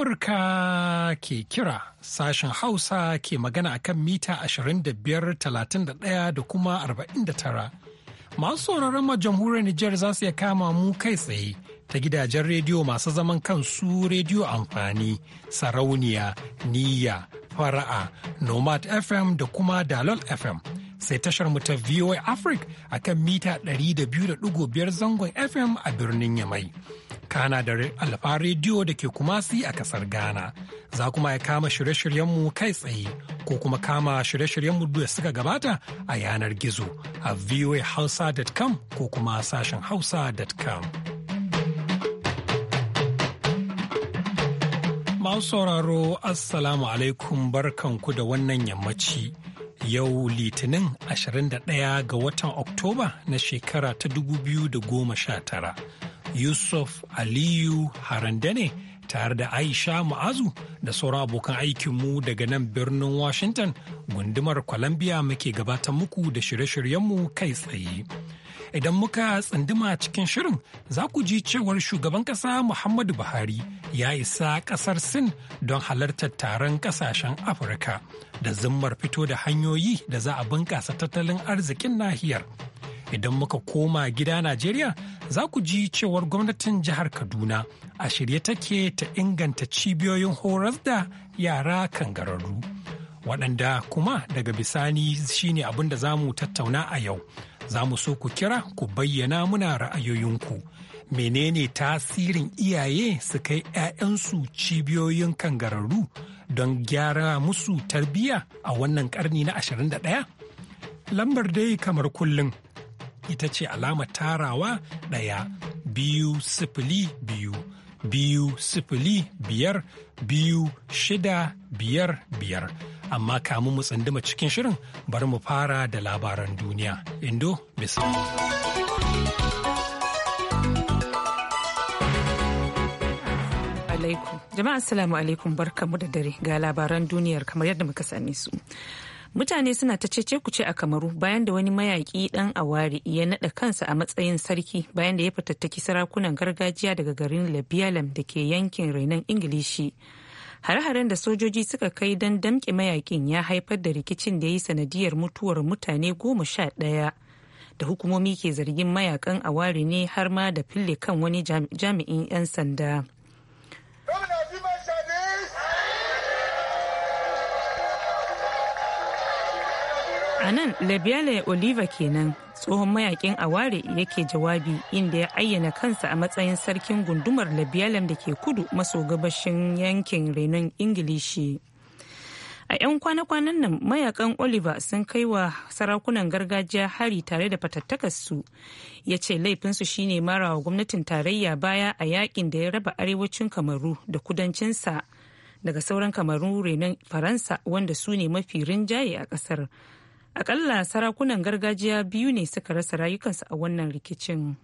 Amurka ke kira sashen Hausa ke magana akan mita 25,31 da kuma 49. Masu sauraron ma jamhuriyar Nijar za su iya kama mu kai tsaye ta gidajen rediyo masu zaman kansu rediyo amfani, sarauniya, niyya, fara'a, nomad FM da kuma dalol FM. Sai tashar mu ta VOA Africa akan mita 200.5 zangon FM a birnin Yamai. kana da alfa rediyo da ke kumasi a kasar ghana za kuma ya kama shirye-shiryenmu kai tsaye ko kuma kama shirye-shiryenmu da suka gabata a yanar gizo a voahausa.com ko kuma sashen hausa.com masu sauraro assalamu alaikum barkanku da wannan yammaci yau litinin 21 ga watan oktoba na shekara ta 2019 Yusuf Aliyu ne tare da Aisha Ma'azu da sauran abokan aikinmu daga nan birnin Washington gundumar Columbia muke gabatar muku da shirye-shiryenmu kai tsaye. Idan muka tsunduma cikin shirin za ku ji cewar shugaban ƙasa Muhammadu Buhari ya isa ƙasar Sin don halartar taron ƙasashen Afirka da zimmar fito da hanyoyi da za a bunƙasa tattalin arzikin nahiyar. Idan muka koma gida Najeriya za ku ji cewar gwamnatin jihar Kaduna a shirye take ta inganta cibiyoyin horas da yara kangararru. Waɗanda kuma daga bisani shine abin da za mu tattauna a yau. Za mu so ku kira ku bayyana muna ra'ayoyinku. Menene tasirin iyaye su kai 'ya'yansu cibiyoyin kangararru don gyara musu tarbiyya a wannan karni na 21? Lambar dai kamar kullum ita ce alamar tarawa ɗaya biyu sifili biyu biyu sifili biyar biyu shida biyar biyar amma kamun mu tsindima cikin shirin bari mu fara da labaran duniya indo bisa alaikum jama'a assalamu alaikum barkamu da dare ga labaran duniyar kamar yadda muka sani su mutane suna ta cece ce a kamaru bayan da wani mayaki ɗan awari ya naɗa kansa a matsayin sarki bayan da ya fatattaki sarakunan gargajiya daga garin labialam da ke yankin rainon ingilishi hare-haren da sojoji suka kai don damke mayakin ya haifar da rikicin da ya yi sanadiyar mutuwar mutane goma sha ɗaya da hukumomi ke zargin mayakan awari ne har ma da fille kan wani jami'in 'yan sanda. A nan Labiale Oliva kenan tsohon mayakin aware yake jawabi inda ya ayyana kansa a matsayin sarkin gundumar Labialem da ke kudu maso gabashin yankin renon Ingilishi. A 'yan kwana-kwanan nan mayakan Oliver sun kai wa sarakunan gargajiya hari tare da fatattakarsu ya ce laifinsu shine mara wa gwamnatin tarayya baya a yakin da ya raba arewacin kamaru da kudancinsa daga sauran kamaru renon faransa wanda su ne mafi rinjaye a kasar akalla sarakunan gargajiya biyu ne suka rasa rayukansu a wannan rikicin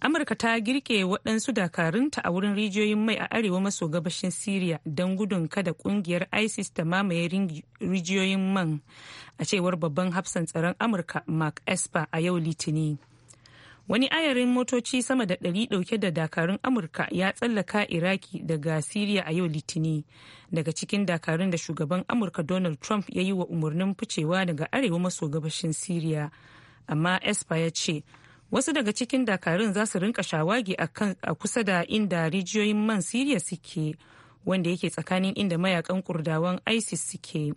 amurka ta girke waɗansu dakarunta a wurin rijiyoyin mai a arewa maso gabashin siriya don gudun kada ƙungiyar isis ta mamaye rijiyoyin man a cewar babban hafsan tsaron amurka mark esper a yau Litini. wani ayarin motoci sama da ɗari ɗauke da dakarun amurka ya tsallaka iraki daga siriya a yau litini daga cikin dakarun da shugaban amurka donald trump ya yi wa umarnin ficewa daga arewa maso gabashin siriya amma espa ya ce wasu daga cikin dakarun za su rinka shawagi a kusa da inda rijiyoyin man siriya suke wanda yake tsakanin inda mayakan kurdawan isis suke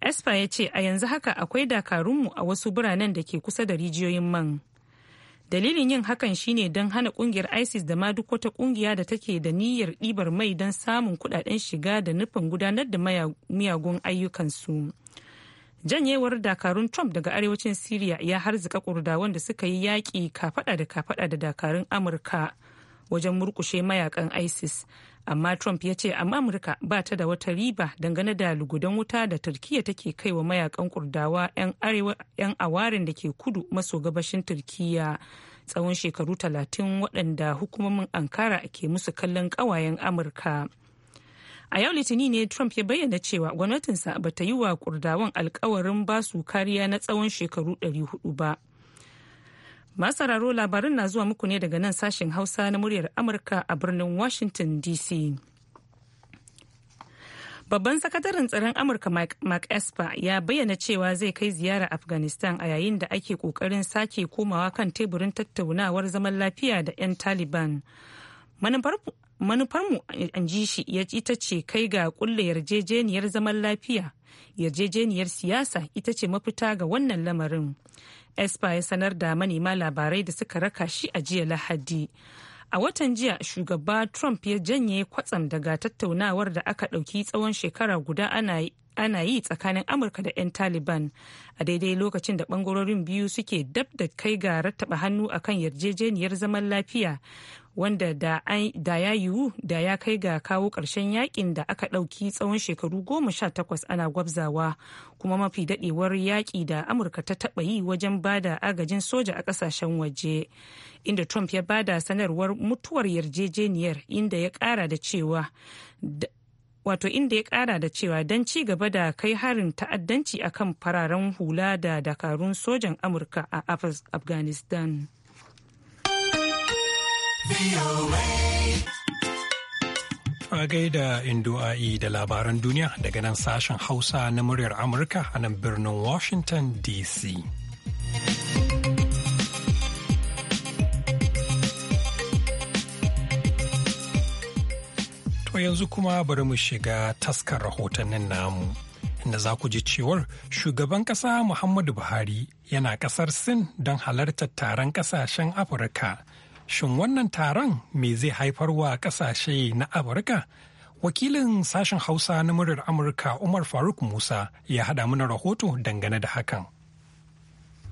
espa ya ce a yanzu haka akwai dakarunmu a wasu biranen da ke kusa da rijiyoyin man. dalilin yin hakan shine don hana kungiyar isis da ma duk wata kungiya da take da niyyar ɗibar mai don samun kudaden shiga da nufin gudanar da miyagun ayyukansu janyewar dakarun trump daga arewacin syria ya harzika kurdawan da suka yi yaƙi kafada da kafada da dakarun amurka wajen murkushe mayakan isis amma trump ya ce amma amurka ba ta da wata riba dangane da lugudan wuta da turkiya take kai wa mayakan kurdawa 'yan awarin da ke kudu maso gabashin turkiya tsawon shekaru talatin waɗanda hukumomin ankara ke musu kallon ƙawayen amurka a yau litinin ne trump ya bayyana cewa gwamnatinsa ba ta yi wa kurdawan alkawarin ba su kariya na tsawon shekaru 400 ba Masararo labarin na zuwa muku ne daga nan sashen Hausa na muryar Amurka a birnin Washington DC. Babban sakataren tsaron Amurka Mark Esper ya bayyana cewa zai kai ziyara Afghanistan a yayin da ake kokarin sake komawa kan teburin tattaunawar zaman lafiya da 'yan Taliban. Manufarmu an ji shi ya ita ce kai ga kulle yarjejeniyar zaman lafiya yarjejeniyar siyasa ita ce mafita ga wannan lamarin espa ya sanar da manema labarai da suka raka shi a jiya lahadi a watan jiya shugaba trump ya janye kwatsam daga tattaunawar da aka ɗauki tsawon shekara guda ana ana yi tsakanin amurka da 'yan taliban a daidai lokacin da bangarorin biyu suke dab da kai ga rattaba hannu akan yarjejeniyar zaman lafiya wanda da ya yiwu da ya kai ga kawo ƙarshen yakin da aka ɗauki tsawon shekaru goma sha takwas ana gwabzawa kuma mafi daɗewar yaƙi da amurka ta taɓa yi wajen bada agajin soja a ƙasashen waje inda trump ya bada sanarwar mutuwar yarjejeniyar inda ya ƙara da cewa wato inda ya kara da cewa don ci gaba da kai harin ta'addanci akan fararen hula da dakarun sojan amurka a afghanistan A gaida Indu'a'i e da labaran duniya daga nan sashen Hausa na muryar Amurka a nan birnin Washington DC. To yanzu kuma bari mu shiga taskar rahotannin namu. inda za ku ji cewar shugaban ƙasa Muhammadu Buhari yana ƙasar Sin don halartar taron ƙasashen Afirka Shin wannan taron me zai haifar wa ƙasashe na Amurka? Wakilin sashen Hausa na muryar Amurka Umar Faruk Musa ya haɗa mana rahoto dangane da hakan.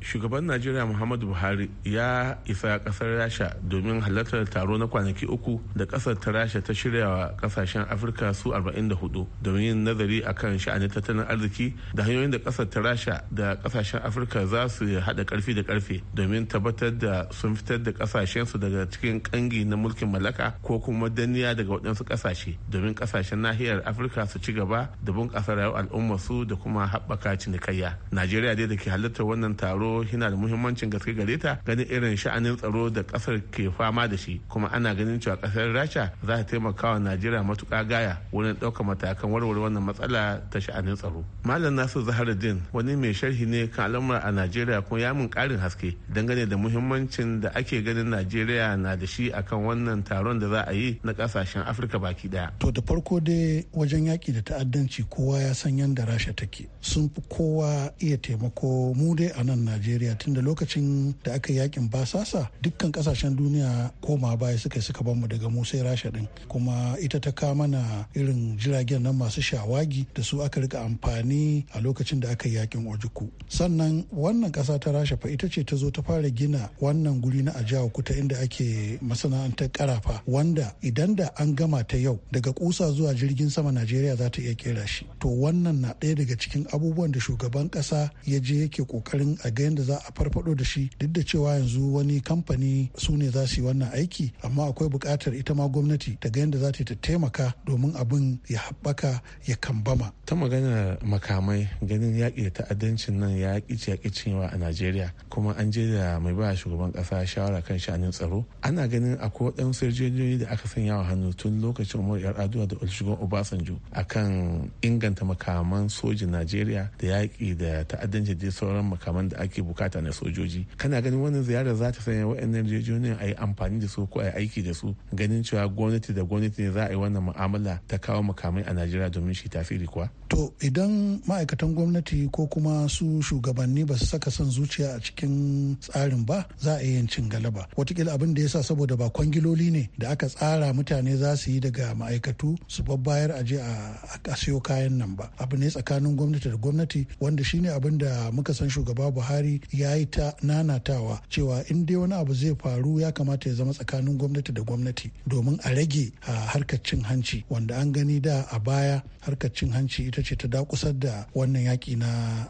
shugaban najeriya muhammadu buhari ya isa kasar rasha domin halartar taro na kwanaki uku da kasar ta rasha ta shirya wa kasashen afirka su 44 domin yin nazari akan sha'anin tattalin arziki da hanyoyin da kasar ta rasha da kasashen afirka za su haɗa karfi da karfe domin tabbatar da sun fitar da kasashensu daga cikin kangi na mulkin mallaka ko kuma danniya daga waɗansu kasashe domin kasashen nahiyar afirka su ci gaba da bunƙasa rayuwar al'ummar su da kuma haɓaka cinikayya najeriya dai da ke halartar wannan taro yana da muhimmancin gaske gare ta ganin irin sha'anin tsaro da kasar ke fama da shi kuma ana ganin cewa kasar rasha za ta taimaka wa najeriya matuka gaya wurin ɗaukar matakan warware wannan matsala ta sha'anin tsaro malam nasu zaharuddin wani mai sharhi ne kan al'amura a najeriya kuma ya min ƙarin haske dangane da muhimmancin da ake ganin najeriya na da shi akan wannan taron da za a yi na kasashen afirka baki daya to da farko dai wajen yaki da ta'addanci kowa ya san yadda rasha take sun fi kowa iya taimako mu dai a nan najeriya najeriya tunda lokacin da aka yi yakin basasa dukkan kasashen duniya koma baya suka suka bamu daga mu rasha din kuma ita ta ka mana irin jiragen nan masu shawagi da su aka rika amfani a lokacin da aka yi yakin ojuku sannan wannan kasa ta rasha fa ita ce ta zo ta fara gina wannan guri na ajawa kuta inda ake masana'antar karafa wanda idan da an gama ta yau daga kusa zuwa jirgin sama najeriya za ta iya kera shi to wannan na ɗaya daga cikin abubuwan da shugaban ƙasa ya je yake ƙoƙarin a gani yadda za a farfado da shi duk da cewa yanzu wani kamfani su ne za su yi wannan aiki amma akwai buƙatar ita ma gwamnati ta ga yadda za ta taimaka domin abin ya haɓaka ya kambama. ta magana makamai ganin yaƙi da ta'addancin nan ya ƙi ya cinyewa a najeriya kuma an je da mai ba shugaban ƙasa shawara kan sha'anin tsaro ana ganin akwai waɗansu sojojoji da aka sanya wa hannu tun lokacin umar yar aduwa da olusegun obasanjo akan inganta makaman sojin najeriya da yaƙi da ta'addanci da sauran makaman da ake bukata na sojoji kana ganin wannan ziyarar za ta sanya wa'annan rijiyoyin a yi amfani da su ko a yi aiki da su ganin cewa gwamnati da gwamnati ne za a yi wannan mu'amala ta kawo makamai a najeriya domin shi tasiri kuwa to idan ma'aikatan gwamnati ko kuma su shugabanni ba su saka son zuciya a cikin tsarin ba za a yi cin galaba watakila abin da ya sa saboda ba kwangiloli ne da aka tsara mutane za su yi daga ma'aikatu su babbayar je a siyo kayan nan ba abu ne tsakanin gwamnati da gwamnati wanda shine abin da muka san shugaba buhari buhari ya yi ta nanatawa cewa in dai wani abu zai faru ya kamata ya zama tsakanin gwamnati da gwamnati domin a rage harkar cin hanci wanda an gani da a baya harkar cin hanci ita ce ta dakusar da wannan yaki na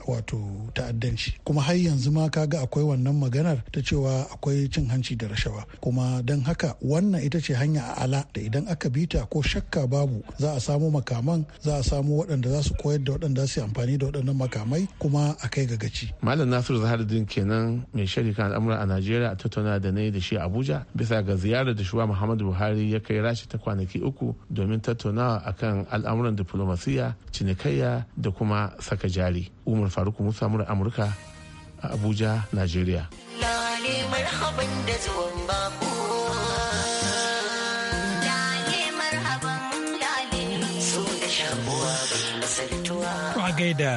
wato ta'addanci kuma har yanzu ma kaga akwai wannan maganar ta cewa akwai cin hanci da rashawa kuma don haka wannan ita ce hanya a ala da idan aka bi ta ko shakka babu za a samo makaman za a samo waɗanda za su koyar da waɗanda su amfani da waɗannan makamai kuma a kai ga gaci malam nasiru zahardin kenan mai shirika al'amura a najeriya a tattauna da ne da shi abuja bisa ga ziyarar da shugaba muhammadu buhari ya kai rashi ta kwanaki uku domin tattaunawa akan al'amuran diplomasiya cinikayya da kuma saka jari umar faruk musa mura amurka a abuja najeriya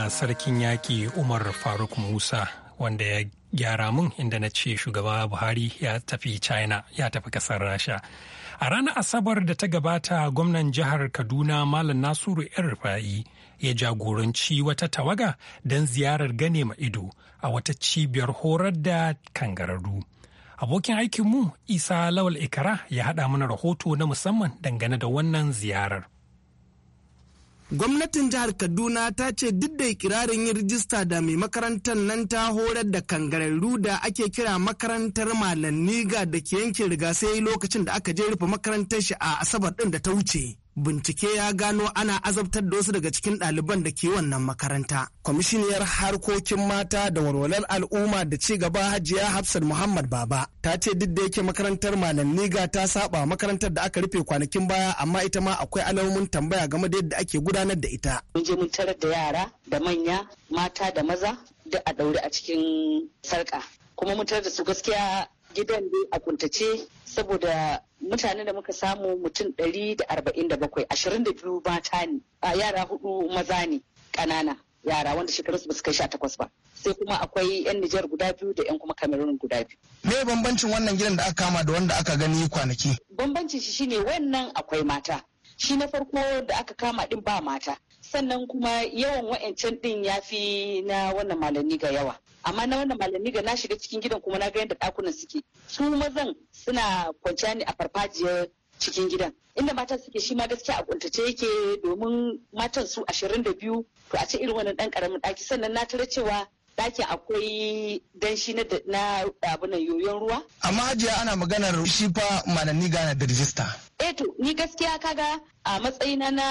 sarkin yaƙi Umar Faruk Musa wanda ya gyara mun inda na ce shugaba buhari ya tafi china ya tafi kasar rasha a ranar asabar da ta gabata gwamnan jihar kaduna malam nasiru irfa'i rufa'i ya jagoranci wata tawaga don ziyarar gane ma ido a wata cibiyar horar da kangararru abokin aikinmu isa lawal ikara ya haɗa mana rahoto na musamman dangane da wannan ziyarar Gwamnatin jihar Kaduna ta ce duk da ikirarin yin rijista da mai makarantar nan ta horar da kangararru da ake kira makarantar Malam Niga da ke yankin riga sai lokacin da aka je rufe makarantar shi a Asabar ɗin da ta wuce. bincike ya gano ana azabtar da wasu daga cikin ɗaliban da ke wannan makaranta. Kwamishiniyar harkokin mata da walwalar al'umma da ci gaba hajiya Hafsat Muhammad Baba ta ce duk da yake makarantar Malam Niga ta saba makarantar da aka rufe kwanakin baya amma ita ma akwai alamomin tambaya game da yadda ake gudanar da ita. Mun je mun tarar da yara da manya mata da maza duk a ɗaure a cikin sarƙa. Kuma mun tarar da su gaskiya gidan dai a kuntace saboda mutane da muka samu mutum 147 22 mata ne yara hudu maza ne ƙanana yara wanda shekarunsu ba su kai sha takwas ba sai kuma akwai yan Nijar guda biyu da yan kuma Kamerun guda biyu. Me bambancin wannan gidan da aka kama da wanda aka gani kwanaki? Bambancin shi shine wannan akwai mata. Shi na farko da aka kama din ba mata. Sannan kuma yawan wa'ancan din ya fi na wannan malami ga yawa. amma na wannan malami ga na shiga cikin gidan kuma na ga yadda ɗakunan suke su mazan suna kwanciya ne a farfajiyar cikin gidan inda matan suke shi ma gaskiya a kuntace yake domin matan su ashirin da biyu to a ce irin wannan ɗan ƙaramin ɗaki sannan na tara cewa ɗakin akwai danshi na abunan yoyon ruwa. Amma ajiya ana maganar shi fa malami gana da rijista. Eh to ni gaskiya kaga a matsayina na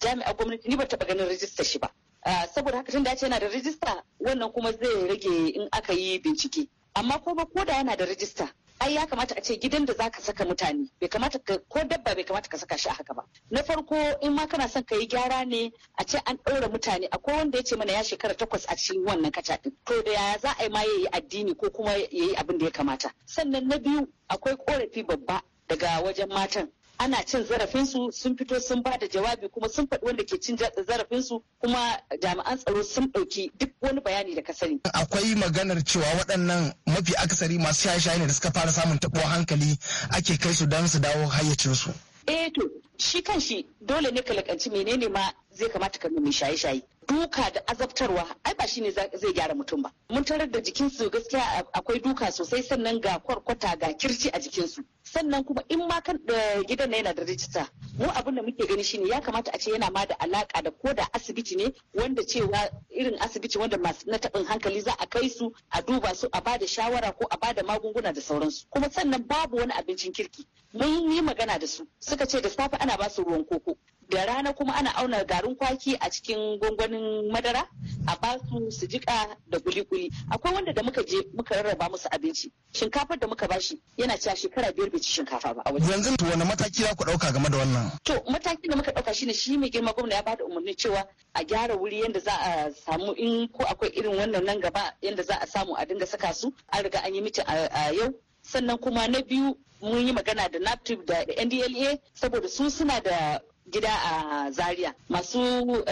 jami'ar gwamnati ni ba taɓa ganin rijista shi ba. Ah, saboda haka tun da yana da rijista wannan kuma zai rage in aka yi bincike amma kuma ko da yana da rijista ai ya kamata a ce gidan da zaka saka mutane bai kamata ko dabba bai kamata ka saka shi a haka ba na farko in ma kana son ka yi gyara ne a ce an ɗaura mutane akwai wanda ya ce mana ya shekara takwas a cikin wannan kaca ɗin to da yaya za a yi ma yayi addini ko kuma ya abin da ya kamata sannan na biyu akwai korafi babba daga wajen matan ana cin zarafinsu sun fito sun ba da jawabi kuma sun faɗi wanda ke cin zarafinsu kuma jami'an tsaro sun ɗauki duk wani bayani da ka sani. Akwai maganar cewa waɗannan mafi akasari masu shaye-shaye ne da suka fara samun taɓo hankali ake kai su don su dawo hayyacinsu. Eh to shi kan shi dole ne ka lakanci menene ma zai kamata ka mai shaye-shaye duka da azabtarwa ai ba ne zai gyara mutum ba mun tarar da jikinsu gaskiya akwai duka sosai sannan ga kwarkwata ga kirci a jikinsu sannan kuma in ma kan da gidan na yana da rijista mu abin da muke gani shine ya kamata a ce yana ma da alaka da ko da asibiti ne wanda cewa irin asibiti wanda masu na taɓin hankali za a kai su a duba su a ba da shawara ko a ba da magunguna da sauransu kuma sannan babu wani abincin kirki mun yi magana da su suka ce da safe ana ana ba su ruwan koko da rana kuma ana auna garin kwaki a cikin gwangwanin madara a ba su su jika da kuli-kuli akwai wanda da muka je muka rarraba musu abinci shinkafar da muka bashi yana cewa shekara biyar bai ci shinkafa ba a wajen yanzu wani mataki za ku dauka game da wannan to matakin da muka dauka shine shi mai girma gwamna ya bada umarni cewa a gyara wuri yanda za a samu in ko akwai irin wannan nan gaba yanda za a samu a dinga saka su an riga an yi mitin a yau sannan kuma na biyu mun yi magana da naptip da ndla saboda su suna da gida a zaria masu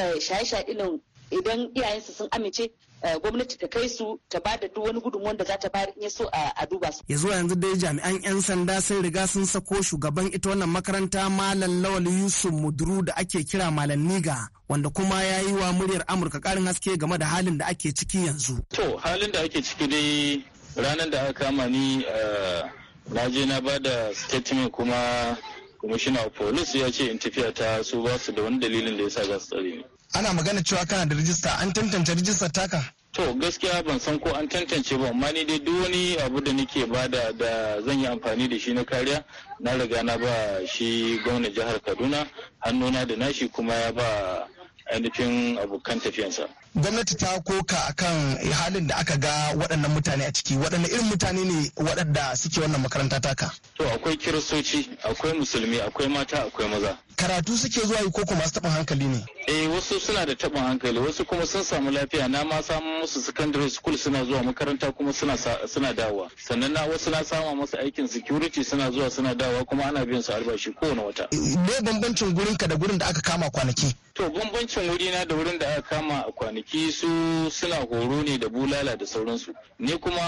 eh, shaye-shaye nan idan iyayensu sun amince eh, gwamnati ta kai su ta ba da duk wani gudunmuwan da za ta bayar in so a duba su. Ya yanzu dai jami'an 'yan sanda sun riga sun sako shugaban ita wannan makaranta Malam Lawal Yusuf Muduru da ake kira Malam Niga wanda kuma ya yi wa muryar Amurka karin haske game da halin da ake ciki yanzu. To halin da ake ciki dai ranar da aka kama ni eh, na je na ba da statement kuma commissioner of police ya ce in tafiya ta su ba su da wani dalilin da ya sa za su tsare ni. ana magana cewa kana da rijista an tantance rijistar taka to gaskiya ban san ko an tantance ba amma ni dai duk wani abu da nake bada da zan yi amfani da shi na kariya na riga na ba shi gwamnan jihar kaduna hannuna da nashi kuma ya ba ainihin abokan tafiyansa gwamnati ta koka akan halin da aka ga waɗannan mutane a ciki waɗanne irin mutane ne waɗanda suke wannan makaranta taka to akwai kiristoci akwai musulmi akwai mata akwai maza karatu suke zuwa yi koko masu taɓin hankali ne eh wasu suna da taɓin hankali wasu kuma sun samu lafiya na ma samun musu secondary school suna zuwa makaranta kuma suna suna dawa sannan na wasu na sama musu aikin security suna zuwa suna dawa kuma ana biyan su albashi kowane wata me bambancin gurin ka da gurin da aka kama kwanaki to bambancin wuri na da wurin da aka kama a kwanaki su suna horo ne da bulala da sauransu ni kuma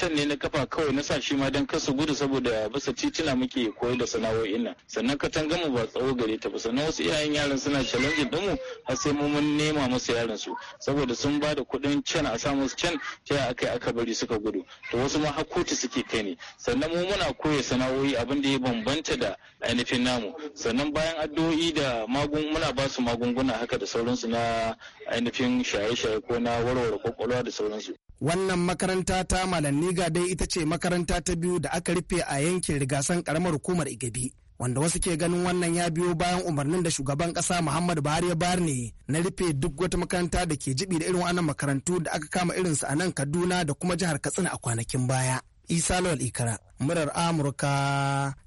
can ne na kafa kawai na sa shi ma don kasa gudu saboda bisa titina muke koyi da sana'o'in nan sannan katangamu ba tsawo ga gare ta ba sannan wasu iyayen yaran suna challenge din mu har sai mu mun nema musu yaran su saboda sun ba da kuɗin can a sa musu can ta akai aka bari suka gudu to wasu ma har suke kai ne sannan mu muna koya sana'o'i abin da ya bambanta da ainihin namu sannan bayan addu'o'i da magun muna ba su magunguna haka da sauransu na ainihin shaye-shaye ko na warware kwakwalwa da sauransu wannan makaranta ta malam ga dai ita ce makaranta ta biyu da aka rufe a yankin rigasan karamar hukumar igabi wanda wasu ke ganin wannan ya biyo bayan umarnin da shugaban kasa muhammadu buhari ya bayar ne na rufe duk wata makaranta da ke jibi da irin wannan makarantu da aka kama irinsu a nan kaduna da kuma jihar katsina a kwanakin baya isa lawal ikara murar amurka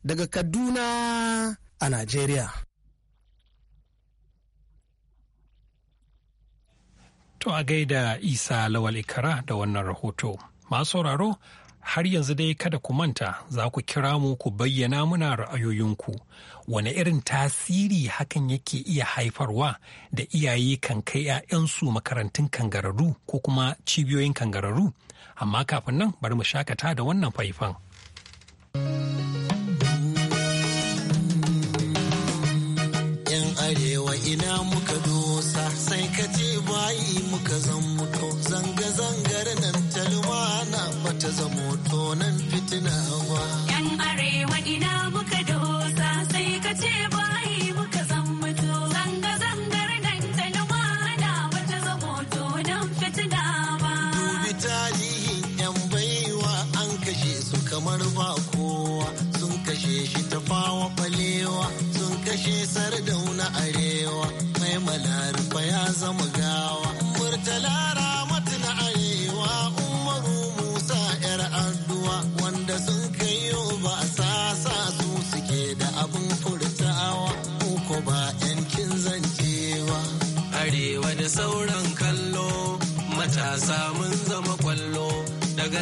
daga kaduna a nigeria. to a gaida isa lawal ikara da wannan rahoto masu sauraro har yanzu dai kada ku manta za ku kira mu ku bayyana muna ra'ayoyinku wani irin tasiri hakan yake iya haifarwa da iyaye kan kai 'ya'yansu makarantun kangararru ko kuma cibiyoyin kangararru amma kafin nan bari mu shakata da wannan faifan. yan arewa ina muka dosa sai ka ce bayi muka zan mutu wannan fitina ba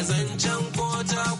daga zancen ko ta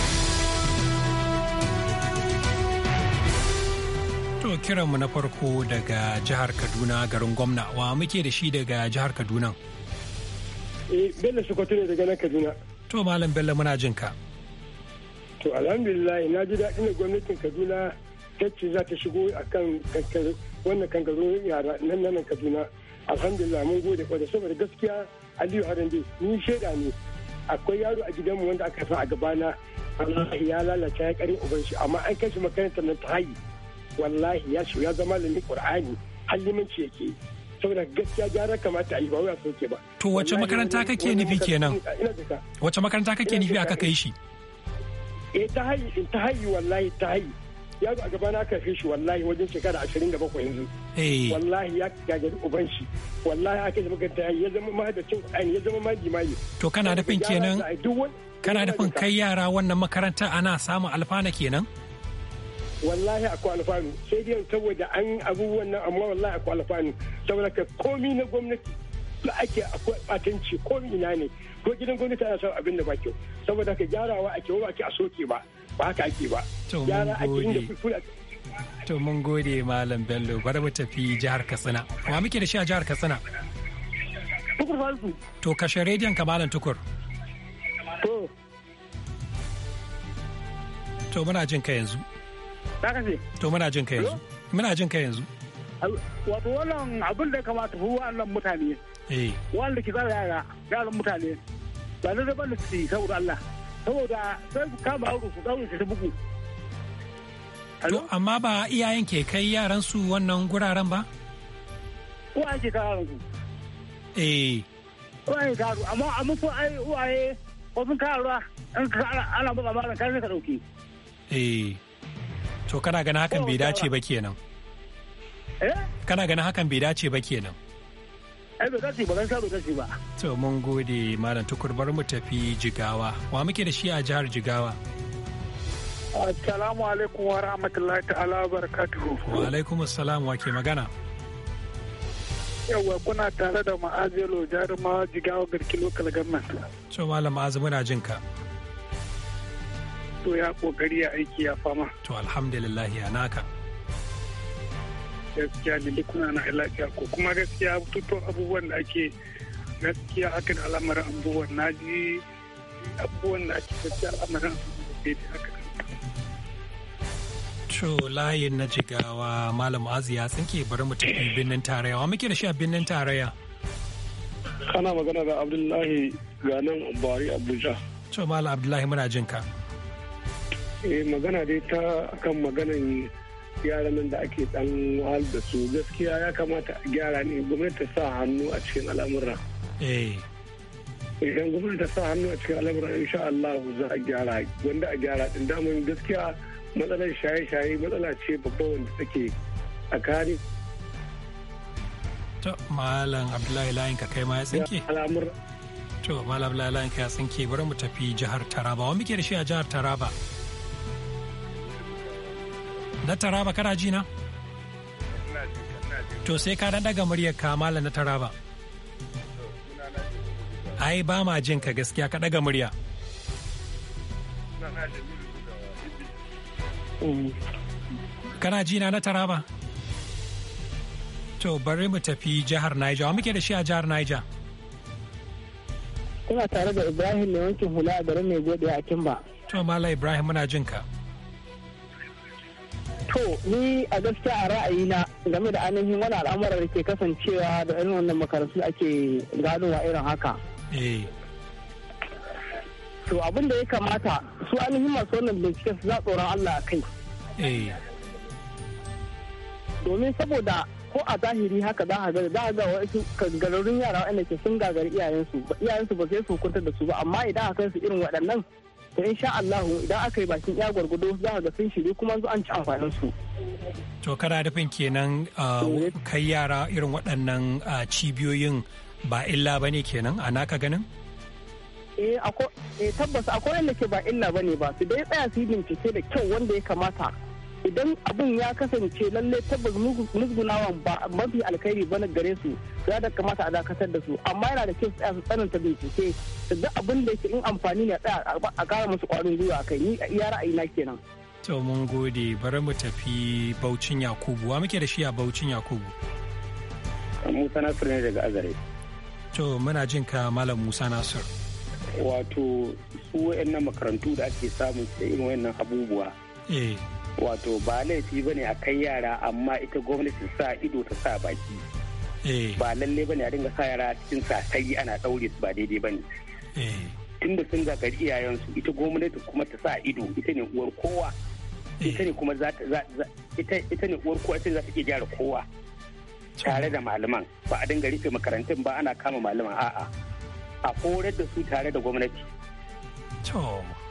shirinmu na farko daga jihar Kaduna garin gwamna wa muke da shi daga jihar Kaduna. Eh, Bello Sokoto ne daga nan Kaduna. To Malam Bello muna jin ka. To alhamdulillah na ji daɗin da gwamnatin Kaduna ta ce za ta shigo a kan wannan kangaroo yara nan nan Kaduna. Alhamdulillah mun gode kwada saboda gaskiya Aliyu Harande ni shaida ne akwai yaro a gidanmu wanda aka sa a gabana Allah ya lalata ya karin ubanshi amma an kai shi makarantar nan ta hayi wallahi ya shi ya zama da qur'ani halliminci yake saboda gaskiya gyara kamata a yi ba so ke ba to wace makaranta kake nufi kenan wace makaranta kake nufi aka kai shi eh ta hayi in ta hayi wallahi ta hayi ya zo a gaba na kafe shi wallahi wajen shekara ashirin da bakwai yanzu eh. wallahi ya gagari uban shi wallahi aka ta hayi ya zama mahadacin ayin ya zama maji maji to kana nufin kenan kana nufin kai yara wannan makaranta ana samun alfana kenan wallahi akwai kwalifanu sai dai saboda an abubuwan nan amma wallahi akwai kwalifanu saboda ka komi na gwamnati da ake akwai batanci komi ina ne ko gidan gwamnati ana son abin da ba kyau saboda ka gyarawa ake ba a soke ba ba haka ake ba gyara ake inda kuskure to mun gode malam bello bari mu tafi jihar katsina wa muke da shi a jihar katsina tukur falsu to kashe rediyon ka malam tukur to to muna jin ka yanzu Na kace. To muna jin ka yanzu. Muna jin ka yanzu. Wato wannan abin da kamata fi wa'annan mutane. Eh. Wanda ke zara yara, yaran mutane. Ba na zaba da su saboda Allah. Saboda sai su kama aure su daure su bugu. To amma ba iyayen ke kai yaran su wannan guraren ba? Ko ake kai yaran su? Eh. Ko ake kai amma amma ko ai uwaye ko sun kai ruwa an ana ba ba kan ka dauke. Eh. to kana ganin hakan bai dace ba kenan eh? kana ganin hakan bai dace ba kenan eh, ai ba ba gaskiya bai dace ba to mun gode malam tukur bar mu tafi jigawa wa muke da shi a jihar jigawa Assalamu alaikum wa rahmatullahi ta'ala wa barakatuhu. Wa alaikum assalam wa ke magana. Yawwa kuna tare da ma'azelo jarumawa jigawa garki lokal government. To malam ma'azu muna jin ka. to ya kokari ya aiki ya fama to alhamdulillah ya naka gaskiya da duk kuna na lafiya ko kuma gaskiya tutun abubuwan da ake gaskiya hakan al'amarin abubuwan na ji abubuwan da ake gaskiya al'amarin abubuwan da haka to layin na jigawa malam azu ya tsinke bari mu tafi birnin tarayya wa muke da shi a birnin tarayya kana magana da abdullahi ganin bari abuja to malam abdullahi muna jin ka eh magana dai ta kan maganan yaran nan da ake dan wahal da su gaskiya ya kamata a gyara ne gwamnati ta sa hannu a cikin al'amura eh. idan gwamnati ta sa hannu a cikin al'amura insha Allah za a gyara wanda a gyara din damun gaskiya matsalar shaye-shaye matsala ce babba wanda take a kare to malam abdullahi layin ka kai ma ya tsinke to malam abdullahi layin ka ya tsinke bari mu tafi jihar taraba wa muke da shi a jihar taraba na taraba kana ji na to sai ka daga muryar kamala na taraba ai ba ma jin ka gaskiya ka daga murya kana ji na na taraba to bari mu tafi jihar Niger wa muke da shi a jihar Niger kuna tare da Ibrahim mai wankin hula a garin mai gode a Kimba to mala Ibrahim muna jin ka To ni a gaskiya a ra'ayi na game da ainihin wani al'amura da ke kasancewa da irin wannan makarantu ake ganowa irin haka. Eh. To abin da ya kamata su ainihin masu wannan bincike su za tsoron Allah a kai. Eh. Domin saboda ko a zahiri haka za a ga za a ga wasu kangararrun yara waɗanda ke sun gagari iyayensu iyayensu ba sai su hukuntar da su ba amma idan a kai su irin waɗannan In insha Allah idan aka yi bakin ya gwargwado za ka ga sun shiri kuma an ci amfanin su to kana nufin kenan ah, kai yara irin waɗannan ah, cibiyoyin ba illa bane kenan a naka ganin eh, eh tabbas akwai wanda ke ba illa bane ba su dai tsaya su yi bincike da kyau wanda ya kamata idan abin ya kasance lalle tabbas musgunawan ba mafi alkhairi bane gare su ya da kamata a dakatar da su amma yana da kyau su tsananta bincike da abin da yake in amfani ne a kara musu kwarin gwiwa kai ni iya na kenan. to mun gode bari mu tafi baucin yakubu wa muke da shi a baucin yakubu. musa nasir ne daga azare. to muna jin ka malam musa nasir. wato su wa'annan makarantu da ake samun irin wa'annan abubuwa. eh wato ba laifi ba ne a kan yara amma ita gwamnati sa ido ta sa baki eh. ba lalle ba ne a dinga sa yara cikin sasayi ana ɗaure su ba daidai ba ne eh. tun da sun zagari iyayensu ita gwamnati kuma ta sa ido ita ne uwar kowa eh. ita ne kuma za ita ne uwar kowa ita ne za ta ke gyara kowa tare da malaman ba a dinga rufe makarantun ba ana kama malaman a'a a horar da su tare da gwamnati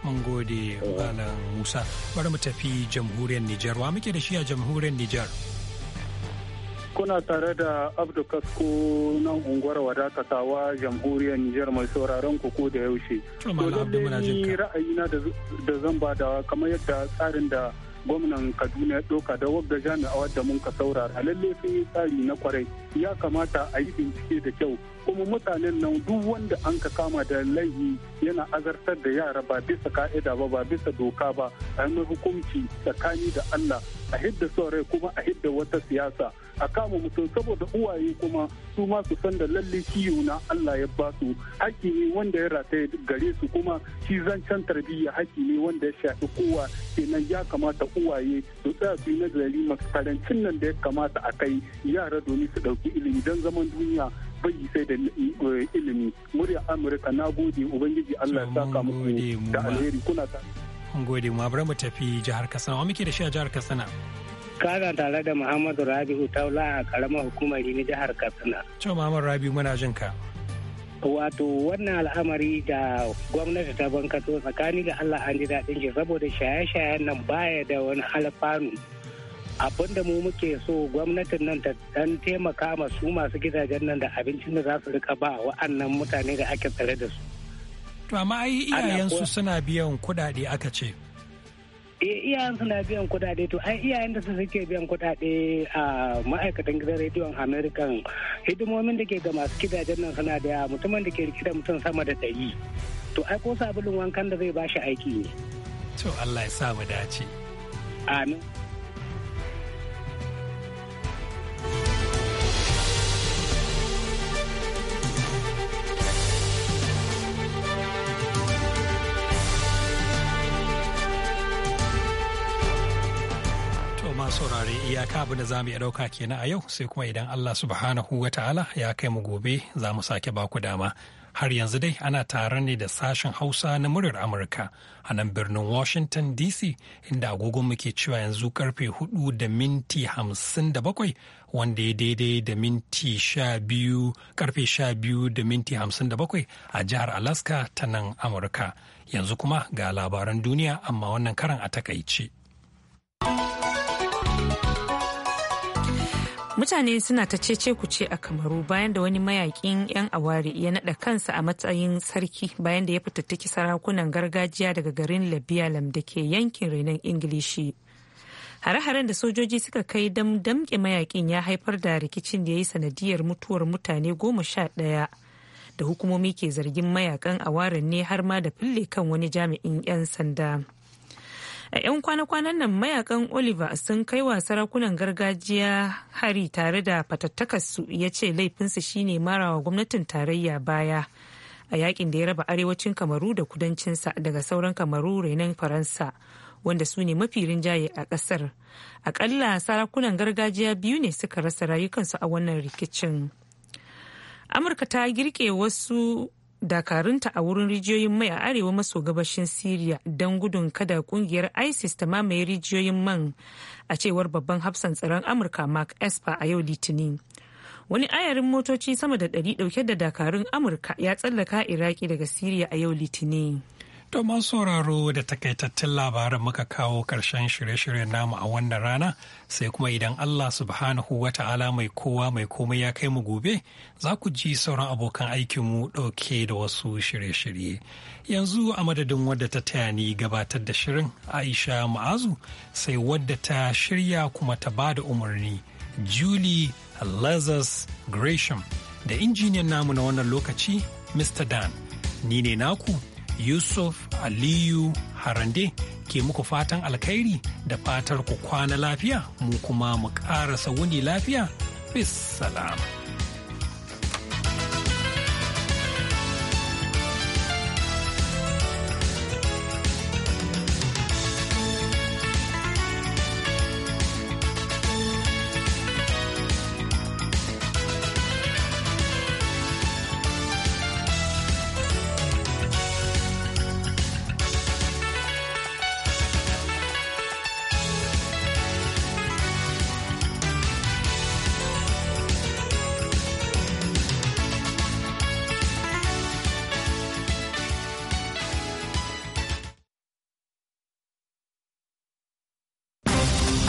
Mun gode bala Musa. Bari mu tafi jamhuriyar Nijar. Wa muke da shi a jamhuriyar Nijar? Kuna tare da Abdu Kasko nan unguwar wadakatawa jamhuriyar Nijar mai sauraron kuku da yaushe. To da Ra'ayina da zan bada kamar yadda tsarin da gwamnan kaduna ya ɗauka da wadda jami'a da mun ka saurara lalle sun yi tsari na kwarai ya kamata a yi bincike da kyau kuma mutanen nan duk wanda an ka kama da laifi yana azartar da yara ba bisa ka'ida ba ba bisa doka ba a yi hukunci tsakani da allah a hidda rai kuma a hidda wata siyasa a kama mutum saboda uwaye kuma su ma su san da lalle kiyo na Allah ya ba su haƙƙi ne wanda ya rataya gare su kuma shi zancen tarbiyya haƙƙi ne wanda ya shafi kowa kenan ya kamata uwaye su tsaya su yi nazari makarancin nan da ya kamata a kai yara domin su ɗauki ilimi don zaman duniya bai sai da eh, ilimi murya amurka na gode ubangiji allah ya saka muku da alheri kuna ta gode mu bari mu tafi jihar katsina wa muke da shi a jihar katsina Kana tare da Muhammadu Rabi'u Taula a karamar hukumar na jihar Katsina. Cewa Muhammadu Rabi'u muna jin ka. Wato wannan al'amari da gwamnati ta bankato tsakani da Allah an ji daɗin shi saboda shaye-shayen nan baya da wani alfanu. abin da mu muke so gwamnatin nan ta dan taimaka ma su masu gidajen nan da abincin da za su rika ba wa'annan mutane da ake tsare da su. To amma ai iyayensu suna biyan kuɗaɗe aka ce. Eh iyayen suna biyan kudade to ai iyayen da su suke biyan kudade a ma'aikatan gidan rediyon american hidimomin da ke ga masu gidajen nan suna da mutumin da ke rikida mutum sama da ɗari to ai ko sabulun wankan da zai bashi aiki ne to allah ya sa mu dace amin iyaka abin da za mu iya ɗauka kenan a yau sai kuma idan Allah subhanahu wa ta'ala ya kai mu gobe za mu sake baku dama. Har yanzu dai ana tare ne da sashen Hausa na muryar Amurka a nan birnin Washington DC inda agogon muke cewa yanzu karfe hudu da minti hamsin da bakwai wanda ya daidai da minti sha biyu karfe sha da minti hamsin a jihar Alaska ta nan Amurka. Yanzu kuma ga labaran duniya amma wannan karan a takaice. mutane suna ta cece ku ce a kamaru bayan da wani mayakin 'yan aware ya naɗa kansa a matsayin sarki bayan da ya fitattaki sarakunan gargajiya daga garin labialam da ke yankin renon ingilishi hare-haren da sojoji suka kai dam damke mayakin ya haifar da rikicin da ya yi sanadiyar mutuwar mutane goma sha ɗaya da hukumomi ke zargin mayakan awarin ne har ma da fille kan wani jami'in 'yan sanda. a 'yan kwana-kwanan nan mayakan oliver sun kai wa sarakunan gargajiya hari tare da fatattakarsu ya ce laifinsu shine mara wa gwamnatin tarayya baya a yakin da ya raba arewacin kamaru da kudancinsa daga sauran kamaru rainon faransa wanda su ne mafi rinjaye a ƙasar. akalla sarakunan gargajiya biyu ne suka rasa rayukansu a wannan rikicin amurka ta girke wasu dakarunta a wurin rijiyoyin mai a arewa maso gabashin Siriya don gudun kada kungiyar ISIS ta mamaye rijiyoyin man a cewar babban hafsan tsaron Amurka Mark Esper a yau litini, Wani ayarin motoci sama da 100 dauke da dakarun Amurka ya tsallaka Iraki daga Siriya a yau litini. To sauraro da takaitattun labaran muka kawo ƙarshen shirye-shiryen namu a wannan rana sai kuma idan Allah subhanahu wa ta'ala mai kowa mai komai ya kai mu gobe za ku ji sauran abokan aikinmu ɗauke da wasu shirye-shirye. Yanzu a madadin wadda ta taya ni gabatar da shirin Aisha Ma'azu sai wadda ta shirya kuma ta ba da umarni Julie Lazarus Gresham da injiniyan namu na wannan lokaci Mr. Dan. Ni ne naku Yusuf Aliyu Harande ke muku fatan alkhairi da fatar ku kwana lafiya mu kuma mu ƙarasa wuni lafiya. Bis salam.